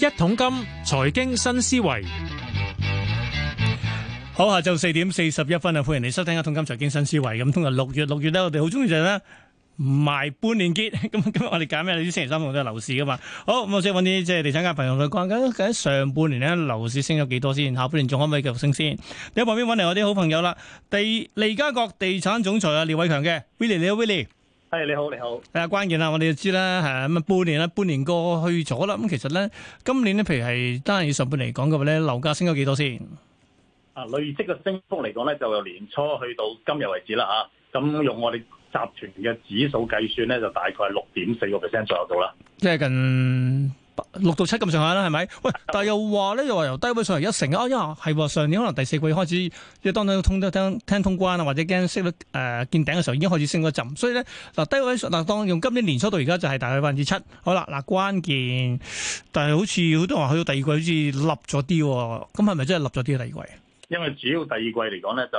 一桶金財經新思維，好，下晝四點四十一分啊！歡迎你收聽一桶金財經新思維。咁今日六月六月咧，我哋好中意就係咧賣半年結。咁今日我哋揀咩？你知星期三我哋都有樓市㗎嘛？好，咁我先揾啲即係地產界朋友嚟講緊，講緊上半年咧樓市升咗幾多先？下半年仲可唔可以繼續升先？你喺旁邊揾嚟我啲好朋友啦，地利嘉閣地產總裁啊廖偉強嘅 Willie，你好 Willie。誒、hey，你好，你好。誒，關鍵啦，我哋就知啦，係咁啊，半年啦，半年過去咗啦，咁其實咧，今年咧，譬如係單以上半年嚟講嘅話咧，樓價升咗幾多先？啊，累積嘅升幅嚟講咧，就由年初去到今日為止啦，吓、啊，咁用我哋集團嘅指數計算咧，就大概係六點四個 percent 左右到啦。即係近。六到七咁上下啦，係咪？喂，但係又話咧，又話由低位上嚟一成啊，係、哎、係上年可能第四季開始，即係當當通聽聽通關啊，或者驚升誒見頂嘅時候已經開始升咗一浸，所以咧嗱低位上嗱當用今年年初到而家就係大概百分之七，好啦，嗱關鍵，但係好似好多話去到第二季好似立咗啲，咁係咪真係立咗啲第二季？因為主要第二季嚟講咧，就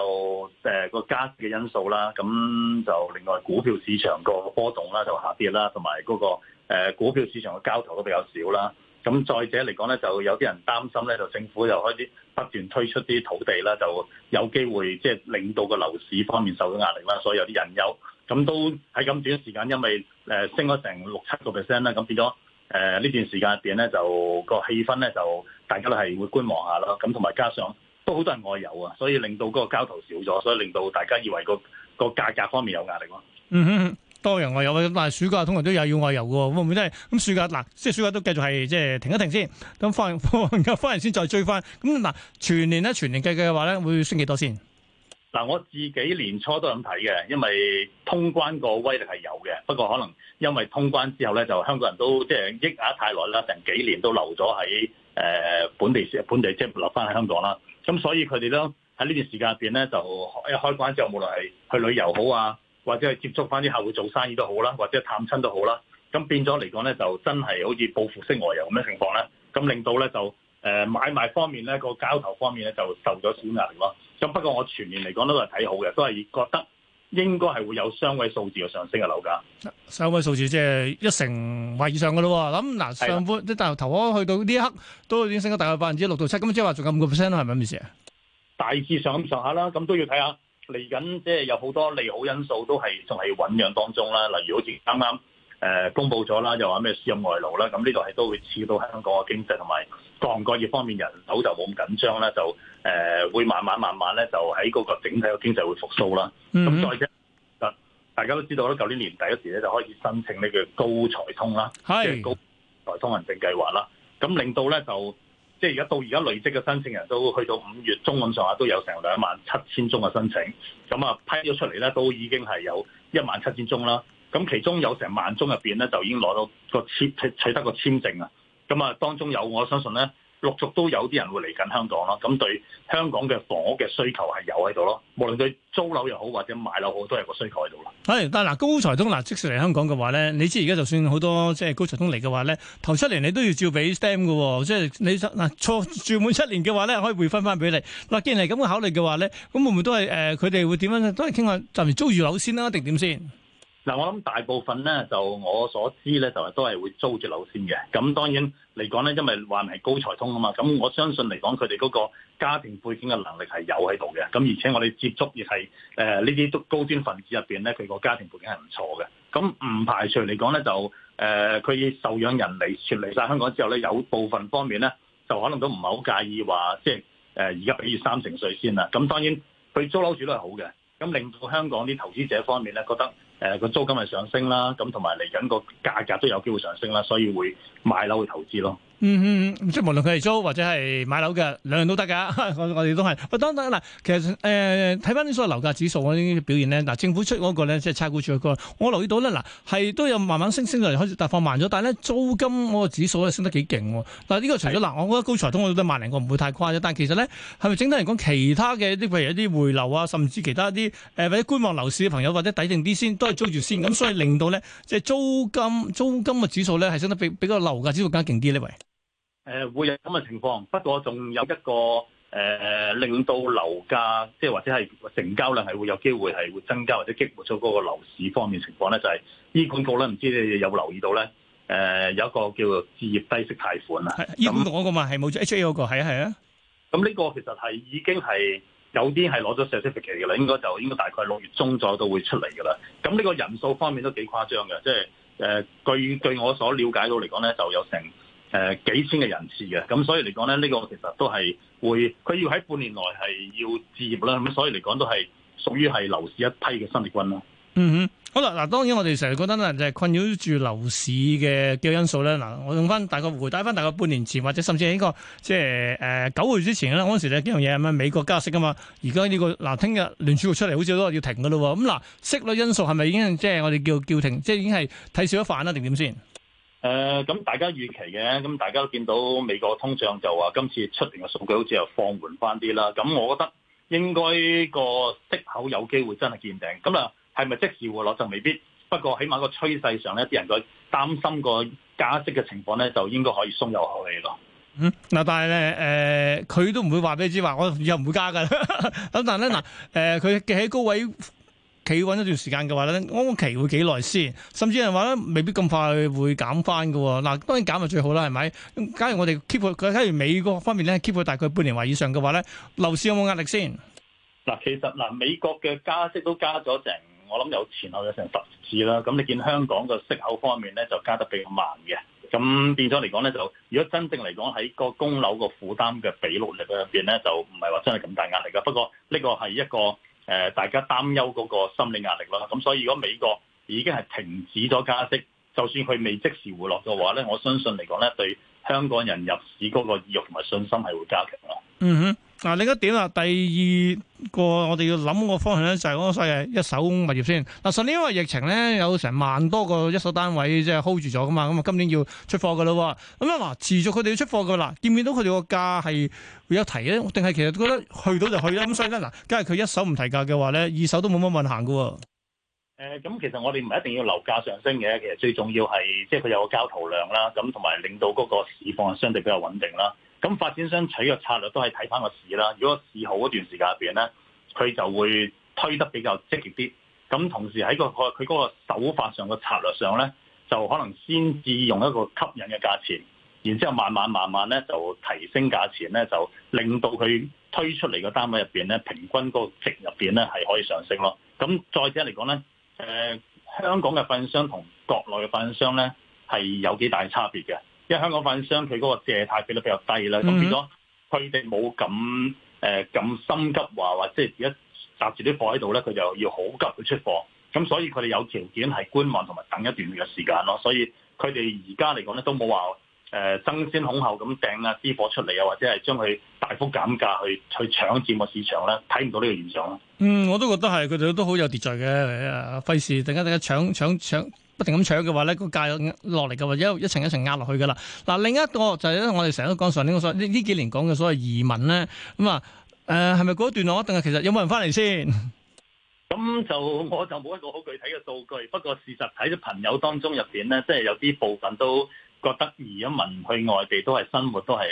誒個、呃、加息嘅因素啦，咁就另外股票市場個波動啦，就下跌啦，同埋嗰個。誒股票市場嘅交投都比較少啦，咁再者嚟講咧，就有啲人擔心咧，就政府又開始不斷推出啲土地啦，就有機會即係令到個樓市方面受到壓力啦，所以有啲人憂咁都喺咁短時間，因為誒、呃、升咗成六七個 percent 啦，咁變咗誒呢段時間入邊咧，就、個氣氛咧就大家都係會觀望下咯，咁同埋加上都好多人外遊啊，所以令到嗰個交投少咗，所以令到大家以為、個個價格方面有壓力咯。嗯哼。多人外遊，但係暑假通常都有要外遊嘅，會唔會真係咁暑假？嗱，即係暑假都繼續係即係停一停先。咁翻，翻完先再追翻。咁嗱，全年咧，全年計計嘅話咧，會升幾多先？嗱，我自己年初都咁睇嘅，因為通關個威力係有嘅。不過可能因為通關之後咧，就香港人都即係、就是、抑壓太耐啦，成幾年都留咗喺誒本地本地，即係留翻喺香港啦。咁所以佢哋都喺呢段時間入邊咧，就一開關之後，無論係去旅遊好啊。或者係接觸翻啲客戶做生意都好啦，或者探親都好啦，咁變咗嚟講咧，就真係好似報復式外遊咁嘅情況咧，咁令到咧就誒、呃、買賣方面咧、個交投方面咧就受咗少壓力咯。咁不過我全年嚟講都係睇好嘅，都係覺得應該係會有雙位數字嘅上升嘅樓價。雙位數字即係一成或以上嘅咯喎。咁嗱、啊，上半即係頭頭去到呢一刻都已經升咗大概百分之六到七，咁即係話仲有五個 percent 係咪先？大致上咁上下啦，咁都要睇下。嚟緊即係有好多利好因素，都係仲係要醖釀當中啦。例如好似啱啱誒公布咗啦，又話咩輸入外勞啦，咁呢度係都會刺到香港嘅經濟同埋各行各業方面人手就冇咁緊張啦，就誒、呃、會慢慢慢慢咧就喺嗰個整體嘅經濟會復甦啦。咁、mm -hmm. 再者，大家都知道咧，舊年年底嗰時咧就開始申請呢個高才通啦，即、yes. 係高才通行政計劃啦，咁令到咧就。即係而家到而家累積嘅申請人都去到五月中咁上下，都有成兩萬七千宗嘅申請。咁啊批咗出嚟咧，都已經係有一萬七千宗啦。咁其中有成萬宗入邊咧，就已經攞到個簽，取得個簽證啊。咁啊當中有我相信咧。陸續都有啲人會嚟緊香港囉。咁對香港嘅房屋嘅需求係有喺度咯。無論對租樓又好，或者買樓好，都係個需求喺度啦。係，但係嗱，高才通嗱，即使嚟香港嘅話咧，你知而家就算好多即係高才通嚟嘅話咧，頭七年你都要照俾 stamp 嘅喎，即、就、係、是、你嗱錯住滿七年嘅話咧，可以匯分翻俾你。嗱，既然係咁嘅考慮嘅話咧，咁會唔會都係誒佢哋會點樣都係傾下暫時租住樓先啦、啊，定點先？嗱，我諗大部分咧，就我所知咧，就都係會租住樓先嘅。咁當然嚟講咧，因為話明係高才通啊嘛。咁我相信嚟講，佢哋嗰個家庭背景嘅能力係有喺度嘅。咁而且我哋接觸亦係誒呢啲都高端份子入面咧，佢個家庭背景係唔錯嘅。咁唔排除嚟講咧，就誒佢、呃、受養人嚟出嚟晒香港之後咧，有部分方面咧，就可能都唔係好介意話即係誒而家俾佢三成稅先啦。咁當然佢租樓住都係好嘅，咁令到香港啲投資者方面咧覺得。誒個租金係上升啦，咁同埋嚟緊個價格都有機會上升啦，所以會買樓去投資咯。嗯嗯，即係無論佢係租或者係買樓嘅，兩樣都得㗎。 我哋都係。我等等嗱，其實誒睇翻啲所謂樓價指數嗰啲表現咧，嗱政府出嗰個咧即係差估署嗰個，我留意到咧嗱係都有慢慢升升就嚟，開始大放慢咗。但係咧租金嗰個指數咧升得幾勁。嗱呢個除咗嗱，我覺得高財通我都得萬零個，唔會太誇張。但係其實咧，係咪整體嚟講，其他嘅啲譬如一啲回流啊，甚至其他啲誒或者觀望樓市嘅朋友或者抵定啲先都係租住先，咁所以令到咧即係租金租金嘅指數咧係升得比比個樓價指數更加勁啲咧？誒，會有咁嘅情況，不過仲有一個誒、呃，令到樓價即係或者係成交量係會有機會係會增加，或者激活咗嗰個樓市方面的情況咧，就是，就係醫管局咧，唔知你哋有冇留意到咧？誒、呃，有一個叫做置業低息貸款啊。係醫管局嗰個嘛，係冇錯，H A 嗰個係啊係啊。咁呢個其實係已經係有啲係攞咗 certificate 嘅啦，應該就應該大概六月中左右都會出嚟噶啦。咁呢個人數方面都幾誇張嘅，即係誒、呃，據據我所了解到嚟講咧，就有成。誒、呃，幾千嘅人次嘅，咁所以嚟講咧，呢、這個其實都係會，佢要喺半年內係要置業啦，咁所以嚟講都係屬於係樓市一批嘅新力軍咯。嗯哼，好啦，嗱，當然我哋成日覺得咧，就係、是、困擾住樓市嘅嘅因素咧，嗱，我用翻大概回答翻大,大概半年前，或者甚至係呢個即係誒九月之前啦，嗰陣時呢幾樣嘢，係咪美國加息噶嘛，而家呢個嗱聽日聯儲局出嚟，好似都話要停噶啦，咁、嗯、嗱、呃，息率因素係咪已經即係我哋叫叫停，即係已經係睇少咗反啦，定點先？誒、呃，咁大家預期嘅，咁大家都見到美國通脹就話今次出嚟嘅數據好似又放緩翻啲啦。咁我覺得應該個息口有機會真係見頂。咁啊，係咪即時回落就未必。不過起碼個趨勢上咧，啲人再擔心個加息嘅情況咧，就應該可以鬆一口氣囉。咯。嗯，嗱、呃，但係咧，誒、呃，佢都唔會話俾你知話，我又唔會加㗎啦。咁但係咧，嗱，佢企喺高位。企穩一段時間嘅話咧，安期會幾耐先？甚至係話咧，未必咁快會減翻㗎。嗱，當然減咪最好啦，係咪？假如我哋 keep 佢，假如美國方面咧 keep 佢大概半年或以上嘅話咧，樓市有冇壓力先？嗱，其實嗱，美國嘅加息都加咗成，我諗有前後有成十次啦。咁你見香港嘅息口方面咧，就加得比較慢嘅。咁變咗嚟講咧，就如果真正嚟講喺個供樓個負擔嘅比率入邊咧，就唔係話真係咁大壓力㗎。不過呢個係一個。誒，大家擔憂嗰個心理壓力啦，咁所以如果美國已經係停止咗加息，就算佢未即時回落嘅話咧，我相信嚟講咧，對香港人入市嗰個意欲同埋信心係會加強咯。嗯哼。嗱，另一點啊，第二個我哋要諗個方向咧，就係講翻誒一手物業先。嗱，上年因為疫情咧，有成萬多個一手單位即係 hold 住咗噶嘛，咁啊今年要出貨噶嘞喎。咁啊，持續佢哋要出貨噶啦，見唔見到佢哋個價係會有提咧？定係其實覺得去到就去啦？咁所以咧，嗱，梗係佢一手唔提價嘅話咧，二手都冇乜運行噶喎。咁、呃、其實我哋唔係一定要樓價上升嘅，其實最重要係即係佢有個交投量啦，咁同埋令到嗰個市況係相對比較穩定啦。咁發展商取嘅策略都係睇翻個市啦。如果個市好嗰段時間入邊咧，佢就會推得比較積極啲。咁同時喺個佢嗰個手法上嘅策略上咧，就可能先至用一個吸引嘅價錢，然之後慢慢慢慢咧就提升價錢咧，就令到佢推出嚟嘅單位入面咧，平均嗰個值入面咧係可以上升咯。咁再者嚟講咧，誒香港嘅發展商同國內嘅發展商咧係有幾大差別嘅。因為香港發展商佢嗰個借貸比率比較低啦，咁變咗佢哋冇咁誒咁心急話或者係而家集住啲貨喺度咧，佢就要好急去出貨，咁所以佢哋有條件係觀望同埋等一段嘅時間咯。所以佢哋而家嚟講咧都冇話誒爭先恐後咁掟啊啲貨出嚟啊，或者係將佢大幅減價去去搶佔個市場咧，睇唔到呢個現象咯。嗯，我都覺得係佢哋都好有秩序嘅，費事、啊、等一下等一搶搶搶。搶搶搶。不停咁搶嘅話咧，個價又落嚟嘅話，一一層一層壓落去㗎啦。嗱，另一個就係咧，我哋成日都講上年嗰所呢呢幾年講嘅所謂移民咧，咁啊，誒係咪嗰一段落？定係其實有冇人翻嚟先？咁就我就冇一個好具體嘅數據。不過事實喺啲朋友當中入邊咧，即係有啲部分都覺得移民去外地都係生活都係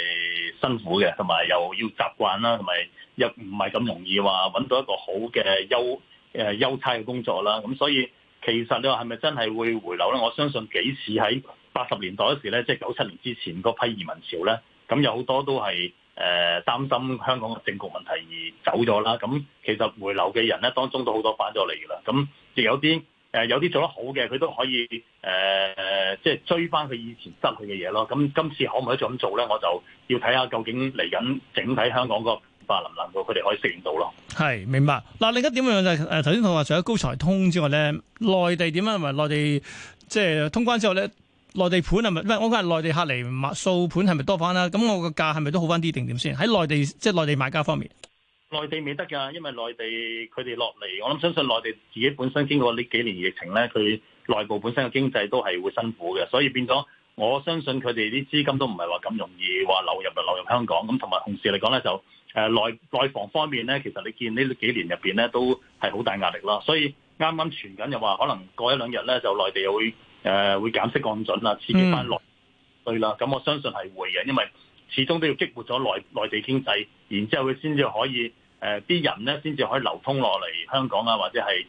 辛苦嘅，同埋又要習慣啦，同埋又唔係咁容易話揾到一個好嘅優誒優差嘅工作啦。咁所以。其實你話係咪真係會回流咧？我相信幾次喺八十年代嗰時咧，即係九七年之前嗰批移民潮咧，咁有好多都係誒、呃、擔心香港嘅政局問題而走咗啦。咁其實回流嘅人咧，當中都好多返咗嚟噶啦。咁亦有啲有啲做得好嘅，佢都可以誒即係追翻佢以前失去嘅嘢咯。咁今次可唔可以咁做咧？我就要睇下究竟嚟緊整體香港個。化能攬到佢哋可以適應到咯，係明白。嗱，另一點樣就係誒頭先同話除咗高才通之外咧，內地點樣？同埋內地即係通關之後咧，內地盤係咪？唔我講係內地客嚟買數盤係咪多翻啦？咁我個價係咪都好翻啲定點先？喺內地即係內地買家方面，內地未得㗎，因為內地佢哋落嚟，我諗相信內地自己本身經過呢幾年疫情咧，佢內部本身嘅經濟都係會辛苦嘅，所以變咗，我相信佢哋啲資金都唔係話咁容易。話流入流入香港咁，同埋同時嚟講咧，就誒內內房方面咧，其實你見呢幾年入邊咧，都係好大壓力咯。所以啱啱傳緊又話，可能過一兩日咧，就內地又會誒、呃、會減息降準啦，刺激翻內需啦。咁我相信係會嘅，因為始終都要激活咗內內地經濟，然之後佢先至可以誒啲、呃、人咧，先至可以流通落嚟香港啊，或者係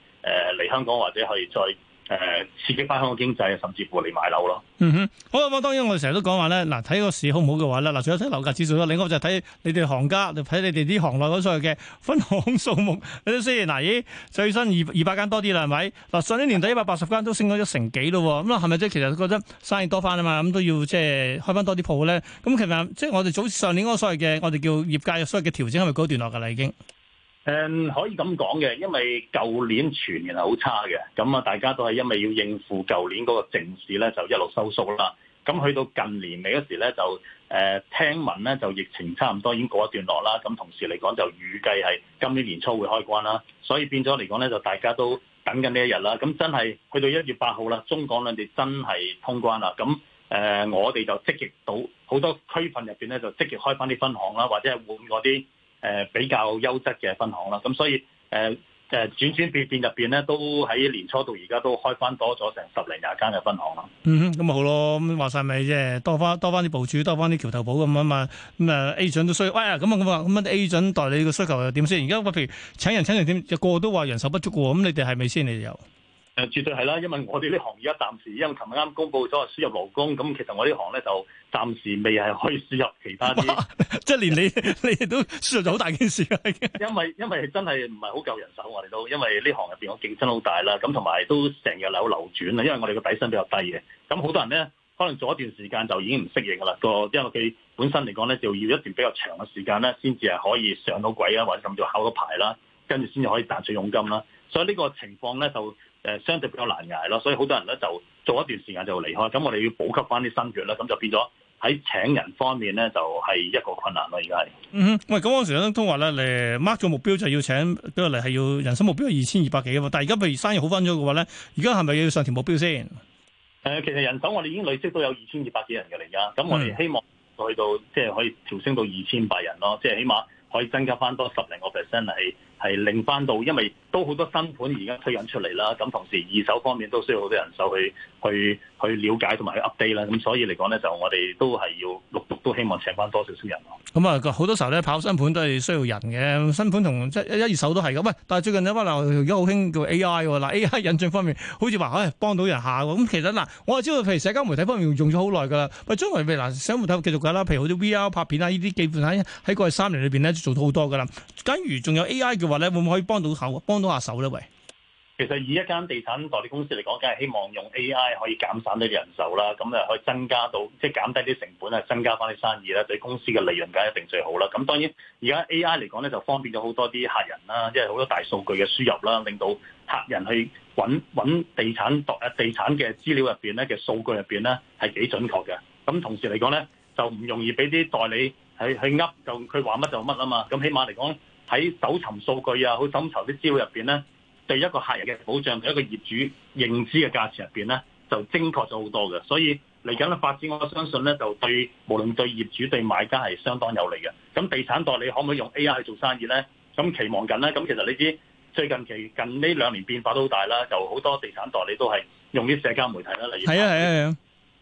誒嚟香港或者係再。誒，刺激翻香港經濟，甚至乎你買樓咯。嗯哼，好啊！我當然我哋成日都講話咧，嗱睇個市好唔好嘅話咧，嗱除咗睇樓價指數啦，另外就係睇你哋行家，就睇你哋啲行內嗰所謂嘅分行數目，睇下先。嗱咦，最新二二百間多啲啦，係咪？嗱上年年底一百八十間都升咗一成幾咯，咁啦，係咪，即係其實覺得生意多翻啊嘛？咁都要即係開翻多啲鋪咧。咁其實即係我哋早上，上年嗰個所謂嘅，我哋叫業界嘅所謂嘅調整係咪嗰段落㗎啦已經？誒、嗯、可以咁講嘅，因為舊年全年係好差嘅，咁啊大家都係因為要應付舊年嗰個靜市咧，就一路收縮啦。咁去到近年尾嗰時咧，就誒、呃、聽聞咧就疫情差唔多已經過一段落啦。咁同時嚟講就預計係今年年初會開關啦，所以變咗嚟講咧就大家都等緊呢一日啦。咁真係去到一月八號啦，中港兩地真係通關啦。咁、呃、我哋就積極到好多區份入面咧就積極開翻啲分行啦，或者係換嗰啲。誒比較優質嘅分行啦，咁所以誒誒轉轉變變入邊咧，都喺年初到而家都開翻多咗成十零廿間嘅分行啦、嗯。嗯哼，咁咪好咯，咁話晒咪即係多翻多翻啲部署，多翻啲橋頭堡咁啊嘛，咁啊 agent 都需要，喂啊咁啊咁啊，咁乜 agent 代理嘅需求又點先？而家個譬如請人請人點，個個都話人手不足喎，咁你哋係咪先你哋又。絕對係啦，因為我哋呢行而家暫時，因為琴日啱公佈咗輸入勞工，咁其實我呢行咧就暫時未係可以輸入其他啲。即係連你 你都輸入咗好大件事。因為因為真係唔係好夠人手，我哋都因為呢行入邊我競爭好大啦。咁同埋都成日有流轉啦，因為我哋個底薪比較低嘅。咁好多人咧，可能做一段時間就已經唔適應啦。個因為佢本身嚟講咧，就要一段比較長嘅時間咧，先至係可以上到軌啊，或者甚至考到牌啦，跟住先至可以賺取佣金啦。所以呢個情況咧就。誒相對比較難捱咯，所以好多人咧就做一段時間就離開。咁我哋要補給翻啲新血啦，咁就變咗喺請人方面咧就係一個困難咯。而家係，嗯哼，喂，咁嗰時咧通話咧，誒 mark 咗目標就係要請，即係嚟係要人生目標係二千二百幾啊嘛。但係而家譬如生意好翻咗嘅話咧，而家係咪要上調目標先？誒，其實人手我哋已經累積都有二千二百幾人嘅，而家咁我哋希望去到即係可以調升到二千八人咯，即、嗯、係起碼可以增加翻多十零個 percent 係。係令翻到，因為都好多新盤而家推緊出嚟啦，咁同時二手方面都需要好多人手去去去了解同埋去 update 啦。咁所以嚟講咧，就我哋都係要陸續都希望請翻多少少人咯。咁、嗯、啊，好多時候咧跑新盤都係需要人嘅，新盤同即係一,一二手都係咁。喂，但係最近咧，嗱，而家好興叫 A I 喎，嗱 A I 引進方面好似話唉幫到人下喎。咁其實嗱，我就知道，譬如社交媒體方面用咗好耐㗎啦。喂，將來嗱，社交媒體繼續㗎啦。譬如好似 V R 拍片啊，呢啲基本喺喺過去三年裏邊咧做到好多㗎啦。假如仲有 A I 嘅話咧，會唔會可以幫到手？幫到下手咧？喂，其實以一間地產代理公司嚟講，梗係希望用 AI 可以減省呢啲人手啦，咁啊可以增加到即係減低啲成本啊，增加翻啲生意啦，對公司嘅利潤梗係一定最好啦。咁當然而家 AI 嚟講咧，就方便咗好多啲客人啦，即係好多大數據嘅輸入啦，令到客人去揾揾地產代啊地產嘅資料入邊咧嘅數據入邊咧係幾準確嘅。咁同時嚟講咧，就唔容易俾啲代理去係噏，就佢話乜就乜啊嘛。咁起碼嚟講。喺搜尋數據啊，好蒐集啲資料入邊咧，對一個客人嘅保障同一個業主認知嘅價錢入邊咧，就精確咗好多嘅。所以嚟緊嘅發展，我相信咧，就對無論對業主對買家係相當有利嘅。咁地產代理可唔可以用 A I 去做生意咧？咁期望緊咧。咁其實你知最近期近呢兩年變化都好大啦，就好多地產代理都係用啲社交媒體啦，例如係啊係啊，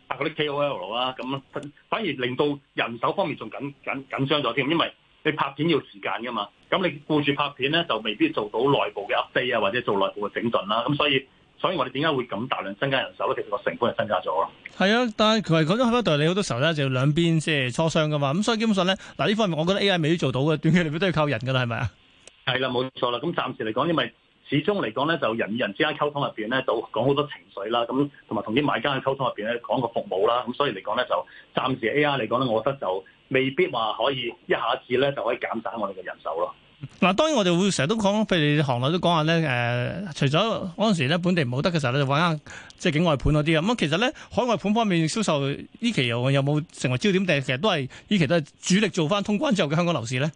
拍嗰啲 K O L 啊，咁反而令到人手方面仲緊緊緊緊張咗添，因為你拍片要時間噶嘛？咁你顧住拍片咧，就未必做到內部嘅 update 啊，或者做內部嘅整頓啦、啊。咁所以，所以我哋點解會咁大量增加人手咧？其實個成本係增加咗咯。係啊，但係佢係講咗好多道理。好多時候咧，就要兩邊即係磋商噶嘛。咁所以基本上咧，嗱呢方面，我覺得 A I 未必做到嘅，短期嚟講都要靠人㗎啦，係咪啊？係啦，冇錯啦。咁暫時嚟講，因為始終嚟講咧，就人與人之間溝通入邊咧，就講好多情緒啦。咁同埋同啲買家去溝通入邊咧，講個服務啦。咁所以嚟講咧，就暫時 A I 嚟講咧，我覺得就。未必話可以一下子咧，就可以減省我哋嘅人手咯。嗱，當然我哋會成日都講，譬如行內都講下咧，誒、呃，除咗嗰陣時咧本地冇得嘅時候咧，就揾下即係境外盤嗰啲啊。咁其實咧，海外盤方面銷售呢期有沒有冇成為焦點？定係其實都係呢期都係主力做翻通關之後嘅香港樓市咧？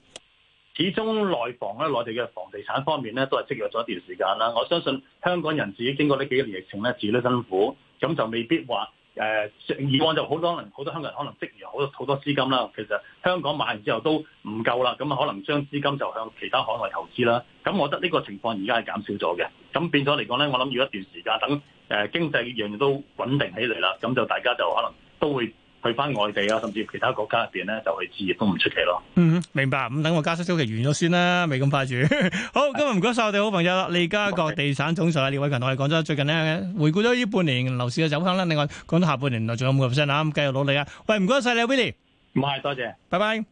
始終內房咧，內地嘅房地產方面咧，都係積弱咗一段時間啦。我相信香港人自己經過呢幾年疫情咧，自己都辛苦，咁就未必話。誒、呃、以往就好多，人好多香港人可能積餘好多好多資金啦。其實香港買完之後都唔夠啦，咁啊可能將資金就向其他海外投資啦。咁我覺得呢個情況而家係減少咗嘅。咁變咗嚟講咧，我諗要一段時間等誒、呃、經濟樣樣都穩定起嚟啦，咁就大家就可能都會。去翻外地啊，甚至其他國家入邊咧，就去置業都唔出奇咯。嗯，明白。咁等我加息週期完咗先啦，未咁快住。 好，今日唔該晒我哋好朋友啦，利嘉國地產總裁、廖、okay. 偉勤，我哋講咗最近咧，回顧咗呢半年樓市嘅走向啦。另外講到下半年內仲有冇入新啊？咁繼續努力啊。喂，唔該晒你，Willy。唔係，多謝，拜拜。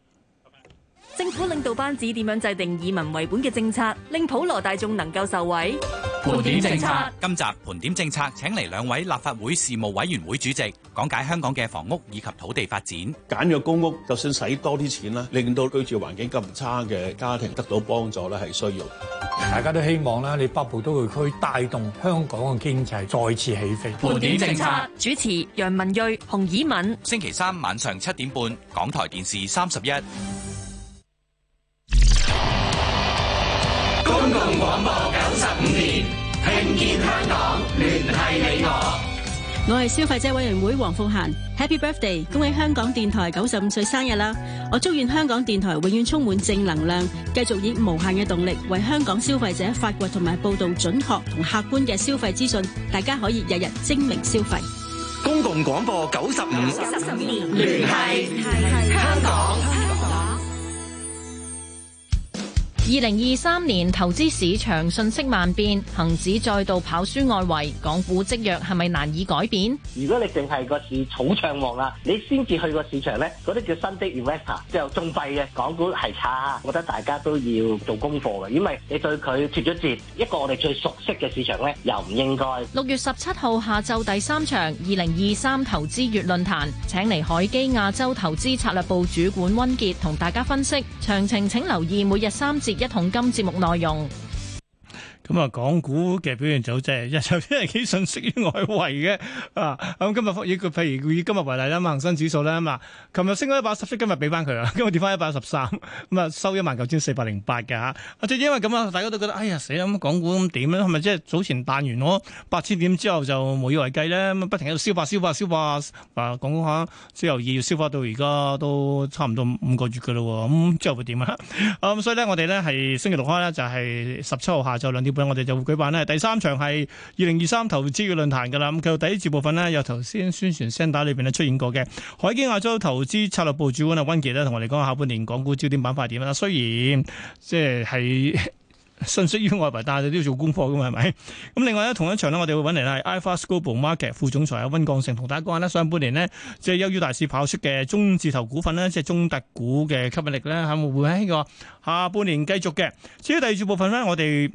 政府領導班子點樣制定以民為本嘅政策，令普羅大眾能夠受惠？盤點政策。今集盤點政策，請嚟兩位立法會事務委員會主席講解香港嘅房屋以及土地發展簡約公屋。就算使多啲錢啦，令到居住環境咁差嘅家庭得到幫助咧，係需要。大家都希望啦，你北部都會區帶動香港嘅經濟再次起飛。盤點政策，主持楊文睿、洪綺敏，星期三晚上七點半，港台電視三十一。共建香港，聯繫你我。我係消費者委員會黃鳳嫻，Happy Birthday！恭喜香港電台九十五歲生日啦！我祝願香港電台永遠充滿正能量，繼續以無限嘅動力為香港消費者發掘同埋報導準確同客觀嘅消費資訊，大家可以日日精明消費。公共廣播九十五年，聯繫香港。二零二三年投資市場瞬息萬變，恒指再度跑輸外圍，港股積弱係咪難以改變？如果你淨係個市草長旺啊，你先至去個市場呢，嗰啲叫新的 investor，就中廢嘅港股係差。我覺得大家都要做功課嘅，因為你對佢脫咗節，一個我哋最熟悉嘅市場呢，又唔應該。六月十七號下晝第三場二零二三投資月論壇，請嚟海基亞洲投資策略部主管温杰同大家分析。詳情請留意每日三節。一桶金節目內容。咁啊，港股嘅表現就即係有啲係幾順適於外圍嘅啊！咁今日以譬如以今日為例啦，咁恒生指數咧，咁啊，琴日升咗一百十，今日俾翻佢啦，今日跌翻一百一十三，咁啊，收一萬九千四百零八嘅吓。啊，正因為咁啊，大家都覺得哎呀死啦！咁港股咁點咧？係咪即係早前彈完我八千點之後就無以為繼咧？不停喺度消化、消化、消化啊！講講下，先由二月消化到而家都差唔多五個月嘅咯喎！咁、嗯、之後會點啊？啊咁，所以咧，我哋咧係星期六開咧就係十七號下晝兩點半。我哋就會舉辦咧第三場係二零二三投資嘅論壇噶啦。咁，佢第一節部分呢，由頭先宣傳 send 打裏邊咧出現過嘅海基亞洲投資策略部主管阿溫杰咧，同我哋講下半年港股焦點板塊點樣啦。雖然即係信息於外圍，但係都要做功課噶嘛，係咪？咁另外呢，同一場呢，我哋會搵嚟係 Ira Scoble Market 副總裁啊溫鋼城同大家講下，上半年呢，即係優於大市跑出嘅中字頭股份呢，即係中特股嘅吸引力咧，係會喺呢個下半年繼續嘅。至於第二節部分咧，我哋。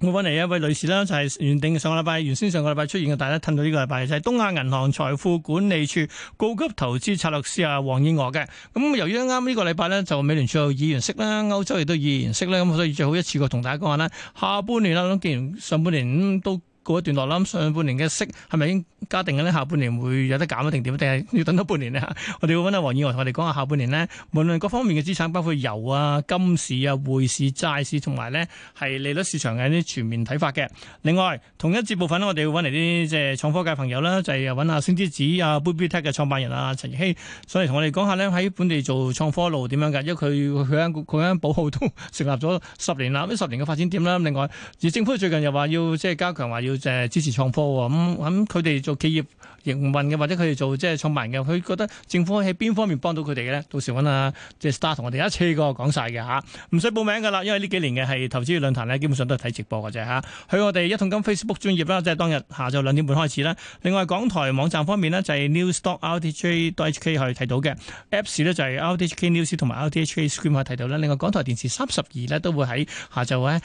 我揾嚟一位女士啦，就係、是、原定上個禮拜，原先上個禮拜出現嘅，大家褪到呢個禮拜，就係、是、東亞銀行財富管理處高級投資策略師啊黃燕娥嘅。咁、嗯、由於啱啱呢個禮拜咧就美聯儲有議員息啦，歐洲亦都議員息啦，咁所以最好一次過同大家講下啦。下半年啦，咁既然上半年、嗯、都告一段落啦，咁上半年嘅息係咪已經加定嘅呢，下半年會有得減定點，定係要等多半年呢？我哋會揾阿黃燕娥同我哋講下下半年呢，無論各方面嘅資產，包括油啊、金市啊、匯市、債市，同埋呢係利率市場嘅啲全面睇法嘅。另外同一節部分呢，我哋會揾嚟啲即係創科界朋友啦，就係揾阿星之子啊 Bobi Tech 嘅創辦人啊陳易希，所以同我哋講下呢，喺本地做創科路點樣㗎？因為佢佢間佢間保號都成立咗十年啦，咁十年嘅發展點啦。另外，而政府最近又話要即係加強話要支持創科喎。咁咁佢哋。做企業營運嘅，或者佢哋做即係創辦人嘅，佢覺得政府喺邊方面幫到佢哋嘅咧？到時揾啊，即係 Star 同我哋一次過講晒嘅吓，唔使報名噶啦，因為呢幾年嘅係投資論壇咧，基本上都係睇直播嘅啫吓。喺我哋一桶金 Facebook 專業啦，即係當日下晝兩點半開始啦。另外港台網站方面呢，是看 Apps、就係 news.rthk.hk 可以睇到嘅 Apps 咧，就係 RTHK News 同埋 RTHK Screen 可以睇到啦。另外港台電視三十二咧都會喺下晝咧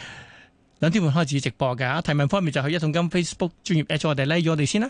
兩點半開始直播嘅。提問方面就是去一桶金 Facebook 專業@我哋 like 我哋先啦。